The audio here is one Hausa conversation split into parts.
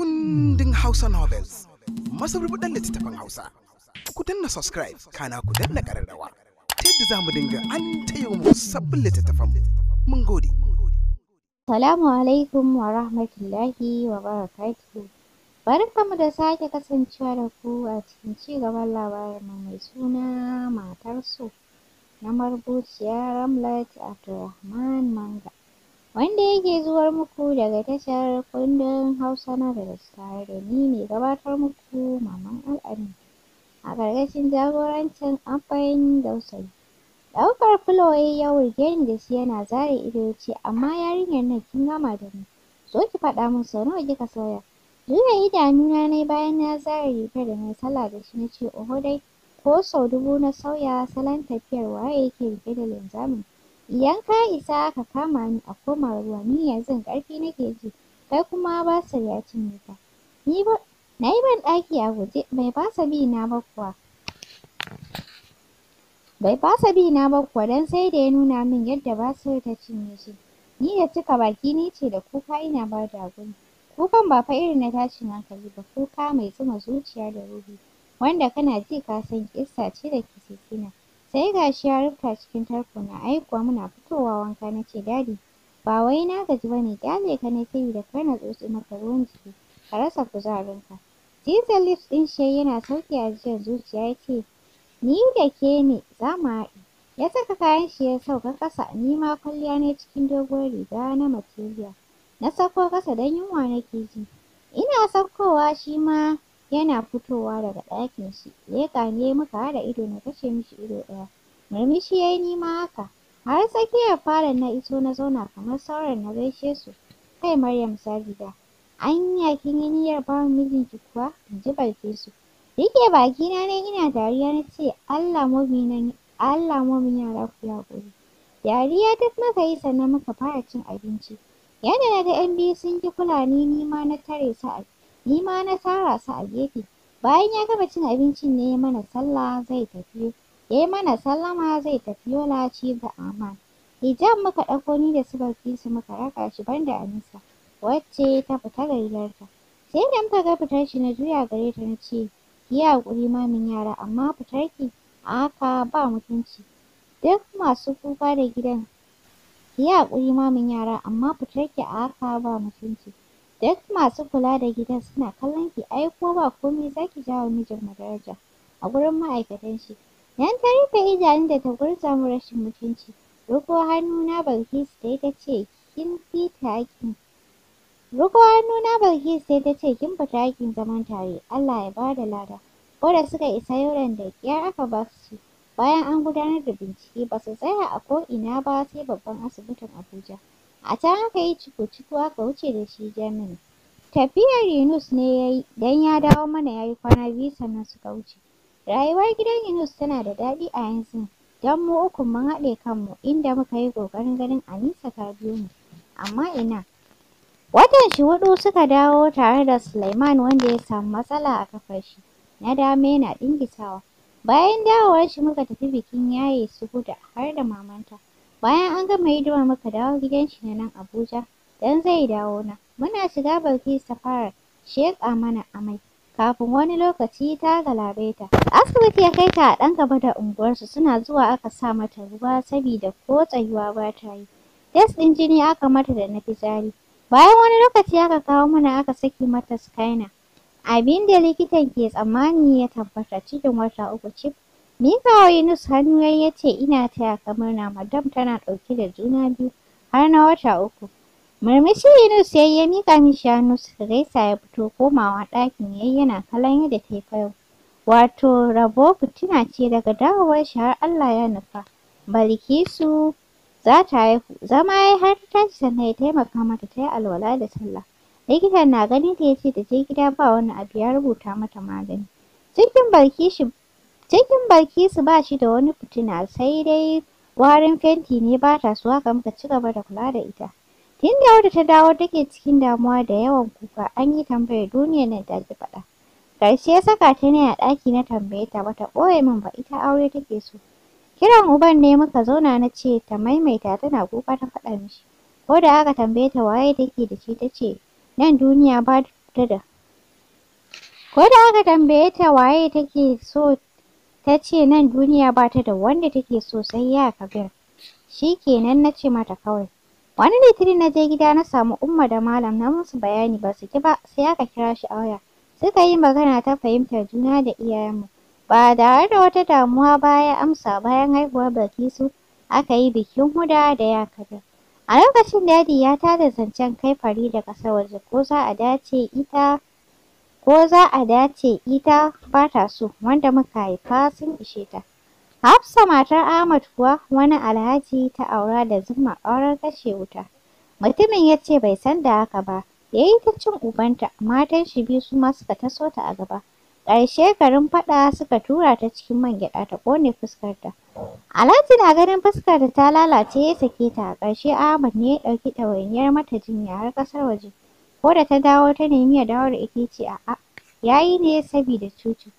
kundin Hausa Novels, Masu masarubuɗan littattafan Hausa. Ku danna subscribe, kana ku danna ƙararrawa. Ta yadda za mu dinga an tayo mu sabbin littattafan mun gode. Salamu alaikum wa rahmatullahi wa barakatuhu. Barkanmu da sake kasancewa da ku a cikin ci gaban labarin mai suna matar so na marubuciya Ramlat Abdulrahman Manga. wanda yake zuwar muku daga tashar kundin Hausa Novels tare da ni mai gabatar muku Maman Al'amin a ƙarƙashin jagorancin Amfayin Dausayi. Ɗaukar filo ya wuce ni da shi yana zare ido ce amma yarinyar nan kin gama da ni zo ki faɗa min sau nawa kika sauya. Juya idanuna na bayan na zare rigar da na sallah da shi na ce oho dai ko sau dubu na sauya salon tafiyar waye yake riƙe da linzamin. Idan ka isa ka kama ni a koma ruwa ni yanzu ƙarfi nake ji kai kuma sa ya cinye ka. Ni ba na yi banɗaki a guje bai fasa bi na ba kuwa. Bai fasa bi na ba kuwa don sai da ya nuna min yadda sa ta cinye shi. Ni da cika baki ni ce da kuka ina ba da haƙuri. Kukan ba fa irin na tashin hankali ba kuka mai zuma zuciya da ruhi wanda kana ji ka san ƙissa ce da ke cikina. Sai ga shi ya rufta cikin tarkona, ai kuwa muna fitowa wanka na ce Dadi, ba wai na gaji ba ne, ƙyale ka na da kar na tsotse maka ruwan jiki, ka rasa kuzarinka. Cizon lips ɗin shi yana sauke jiya zuciya ya ce, Ni da ke ne za mu haɗu. Ya saka kayan shi ya sauka ƙasa, ni ma kwalliya ne cikin doguwar riga na material. Na sauko ƙasa don yunwa nake ji. Ina saukowa shi ma Yana fitowa daga ɗakin shi, ya ne muka haɗa ido na kashe mishi ido ɗaya. Murmushi yayi nima haka. Har tsakiyar falon na iso na zauna kamar sauran na gaishe su. Kai Maryam Sabida, anya kin yi niyyar ba mijinki kuwa? In ji Balkisu. baki bakina ne ina dariya na ce Allah muminan Allah mumin yara ku haƙuri. Dariya duk muka yi sannan muka fara cin abinci. Yadda na ga 'yan biyu sun ƙi kula ni, nima na tare su a ni ma na tara su a gefe. Bayan ya gama cin abincin ne ya mana sallah zai tafi ya yi mana sallama zai tafi Yola ci da Aman. Hijab muka ɗauko ni da su Bilkisu muka raka shi ban da Anisa wacce ta fita da rigarta. Sai da muka ga fitar shi na juya gare ta na ce ki yi haƙuri mamin yara amma fitar ki a haka ba mutunci. Duk masu kuka da gidan ki yi haƙuri mamin yara amma fitar ki a haka ba mutunci. duk masu kula da gidan suna kallon ki ai ko ba komai za ki jawo mijinmu daraja a gurin ma'aikatan shi yan ta rufe idanun da ta gurza mu rashin mutunci riƙo hannuna Bilkisu dai ta ce kin fita haƙƙin riƙo hannuna Bilkisu dai ta ce kin fita haƙƙin zaman tare Allah ya bada lada ko da suka isa yoron da ƙyar aka ba su ci bayan an gudanar da bincike ba su tsaya a ko'ina ba sai babban asibitin Abuja A can aka yi cuku-cuku aka wuce da shi Germany. Tafiyar Yunus ne ya yi don ya dawo mana ya yi kwana biyu sannan suka wuce. Rayuwar gidan Yunus tana da daɗi a yanzu don mu uku mun haɗe kanmu inda muka yi ƙoƙarin ganin Anisa ta biyo mu, amma ina. Watan shi huɗu suka dawo tare da Sulaiman wanda ya samu matsala a kafar shi na dama yana ɗingisawa. Bayan dawowar shi muka tafi bikin yaye su guda, har da mamanta. Bayan an gama hidima muka dawo gidan shi na nan Abuja dan zai dawo na. Muna shiga Bilkisu ta fara sheƙa mana amai. Kafin wani lokaci ta ta. Asibiti ya kai ta a ɗan gaba da unguwarsu suna zuwa aka sa mata ruwa sabida ko tsayuwa ba ta yi. Test ɗin jini aka mata da na fitsari. Bayan wani lokaci aka kawo mana aka saki mata scanner. Abin da likitan ke tsammani ya tabbata cikin wata uku cif Mikawa Yunus hannu yayi ya ce ina taya kamar murna madam tana ɗauke da juna biyu har na wata uku. Murmushi Yunus yayi ya miƙa mishi hannu gaisa ya fito komawa ɗakin yayi yana kallon yadda ta yi fayo. Wato rabo fitina ce daga dawowar shi har Allah ya nufa. Balkisu za ta haihu zama yayi har ta tashi sannan ya taimaka mata ta yi alwala da sallah. Likitan na ganin ta yace ce ta je gida ba wani abu ya rubuta mata magani. Cikin shi Cikin baki su ba shi da wani fitina sai dai warin fenti ne ba ta so haka muka ci gaba da kula da ita. Tun da wadda ta dawo take cikin damuwa da yawan kuka an yi tambayar na da ta ki faɗa. karshe ya saka ta ne a ɗaki na tambaye ta bata ɓoye min ba ita aure take so. Kiran uban ne muka zauna na ce ta maimaita tana kuka ta faɗa mishi. Ko da aka tambaye ta waye take da shi ta ce nan duniya ba ta da. Ko da aka tambaye ta waye take so ta ce nan duniya ba ta da wanda take so sai ya kabir shi kenan na ce mata kawai wani litiri na je gida na samu umma da malam na musu bayani ba su ki ba sai aka kira shi a waya suka yi magana ta fahimtar juna da iyayenmu ba da tare da wata damuwa baya amsa bayan haihuwar bilkisu aka yi bikin huda da ya kabir a lokacin dadi ya tada zancen kai fari daga ƙasar waje ko za a dace ita ko za a dace ita ba ta so wanda muka haifa sun ishe ta. Hafsa matar Ahmad kuwa wani alhaji ta aura da zuma auren kashe wuta. Mutumin ya ce bai san da haka ba, ya yi ta cin ubanta, matan shi biyu su ma suka taso ta a gaba. Ƙarshe garin faɗa suka tura ta cikin man gyaɗa ta ƙone fuskarta. Alhaji na ganin fuskar ta lalace ya sake ta a ƙarshe Ahmad ne ya ɗauki ɗawainiyar mata jinya har ƙasar waje. ko da ta dawo ta nemi ya dawo da ita a. a'a yi ne sabida cocin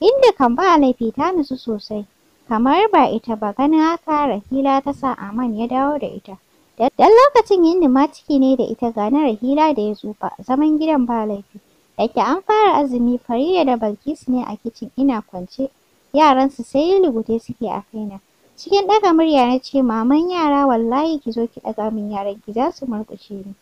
inda kan ba laifi ta nutsu sosai kamar ba ita ba ganin haka Rahila ta sa Aman ya dawo da ita dan lokacin yinda ma ciki ne da ita ga Rahila da ya tsufa zaman gidan ba laifi ke an fara azumi Fariya da Balkis ne a kicin ina kwance yaransu sai lugude suke a kaina cikin ɗaga murya na ce maman yara wallahi ki zo ki ɗaga min yaran ki za su murƙushe ni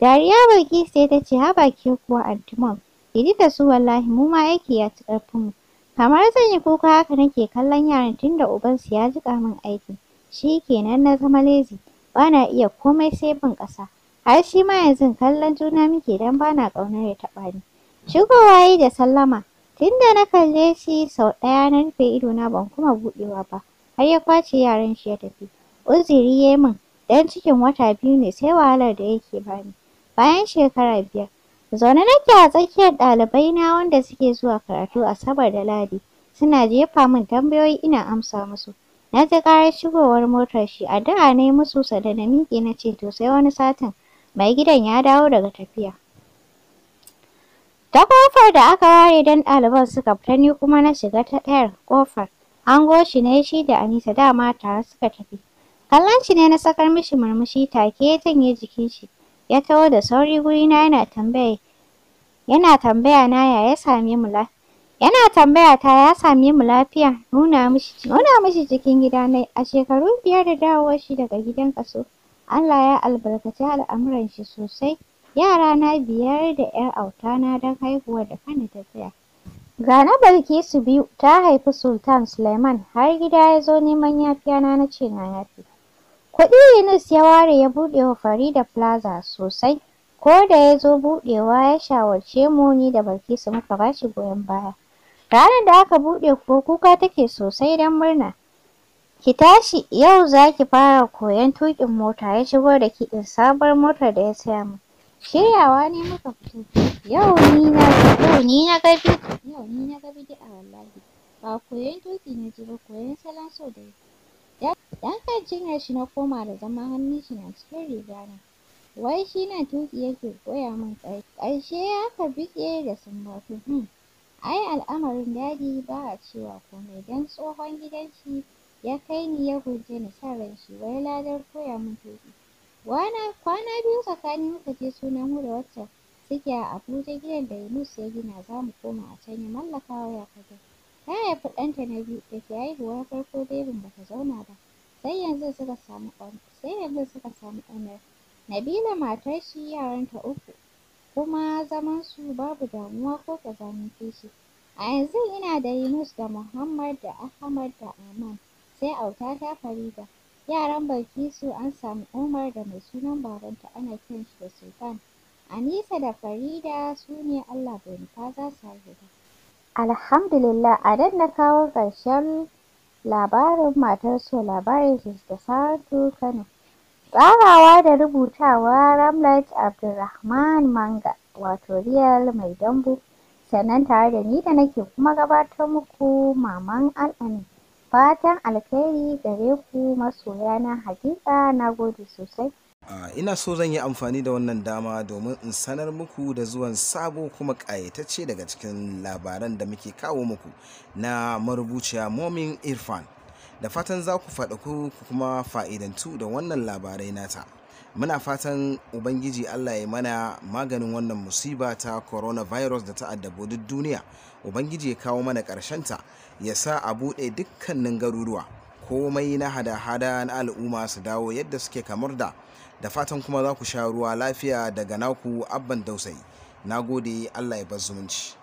Dariya baki sai ta ce haba ke kuwa antumam. Idi da su wallahi mu ma aiki ya ci ƙarfinmu. Kamar zan yi kuka haka nake kallon yaran tunda ubansu ya jiƙa min aiki. Shi kenan na zama lezi. Ba na iya komai sai bin ƙasa. Har shi ma yanzu kallon juna muke don ba na ƙaunar ya taɓa ni. Shigowa yi da sallama. Tunda na kalle shi sau ɗaya na rufe idona ban kuma buɗewa ba. Har ya kwace yaran shi ya tafi. Uziri ya yi min. Dan cikin wata biyu ne sai wahalar da yake bani. Bayan shekara biyar, zaune nake a tsakiyar ɗalibai na wanda suke zuwa karatu Asabar da Ladi. Suna jefa min tambayoyi ina amsa musu. Na ji ƙarar shigowar motar shi, A da, na yi musu sada na miƙe na ce to sai wani satin. Mai gidan ya dawo daga tafiya. Ta ƙofar da aka ware don ɗaliban suka fita ni kuma na shiga ta ɗayar ƙofar. Ango shi ne shi da Anisa dama tare suka tafi. Kallon shi ne na sakar mishi murmushi take ya janye jikin shi. ya taho da sauri wurina yana tambaya yana tambaya na ya ya same mu la yana tambaya ta ya same mu lafiya nuna mishi nuna mishi cikin gida nai a shekaru biyar da dawowar shi daga gidan kaso Allah ya albarkaci al'amuran shi sosai yara na biyar da 'yar auta na don haihuwa da kanta ta tsaya ga na Bilkisu biyu ta haifi Sultan Suleiman har gida ya zo neman yafiyana na ce na yafi Kuɗi Yunus ya ware ya buɗe wa Farida Plaza sosai. Ko da ya zo buɗewa ya shawarce mu ni da Bilkisu muka ba shi goyon baya. Ranar da aka buɗe ko kuka take sosai don murna. Ki tashi yau za ki fara koyon tuƙin mota ya shigo da ki in sabar motar da ya saya min. Shiryawa ne muka fito. Yau ni na yau ni na ga yau ni na wallahi. Ba koyon tuƙi na ji ba koyon salon so da yi. ya sa cinyar shi na koma da zama hannun shi na cikin rigana wai shi na tuƙi yake koya min ƙarshe ya biƙe da sumbatu hmm ai al'amarin daɗi ba a cewa komai don tsohon gidan shi ya kai ni ya guje ni son ran shi wai ladar koya min tuƙi kwana biyu tsakanin muka je sunan mu da wacce suke a Abuja gidan da Yunus ya gina za mu koma a can ya mallaka wa Yakubau Ta haifi ɗanta na biyu da ke haihuwar farko bebin ba ta zauna ba, sai yanzu suka samu sai yanzu suka samu Nabila matar shi yaranta uku, kuma zamansu babu damuwa ko ƙazamin kishi. A yanzu ina da Yunus da Muhammad da Ahmad da Aman, sai autata Farida. Yaran Bilkisu an samu Umar da mai sunan babanta ana kiran shi da Sultan. Anisa da Farida su ne Allah bai nufa za su haihu ba. Alhamdulillah a dan na kawo ƙarshen labarin Matar So labarin da Saratu Kano. Tsarawa da rubutawa Ramlat Abdulrahman Manga wato Real Mai Dambu. Sannan tare da ni da nake kuma gabatar muku Maman Al'amin. Fatan alkhairi gare ku masoya na hakika na gode sosai. ina so zan yi amfani da wannan dama domin in sanar muku da zuwan sabo kuma ƙayatacce daga cikin labaran da muke kawo muku na marubuciya momin irfan da fatan za ku faɗa ku kuma fa'idantu da wannan labarai nata muna fatan ubangiji allah ya mana maganin wannan musiba ta coronavirus da ta addabo duk duniya ubangiji ya kawo mana ta ya sa a buɗe dukkanin garuruwa komai na hada-hada na al'umma su dawo yadda suke kamar da da fatan kuma za ku sha ruwa lafiya daga naku abban dausayi na gode allah ya bar zumunci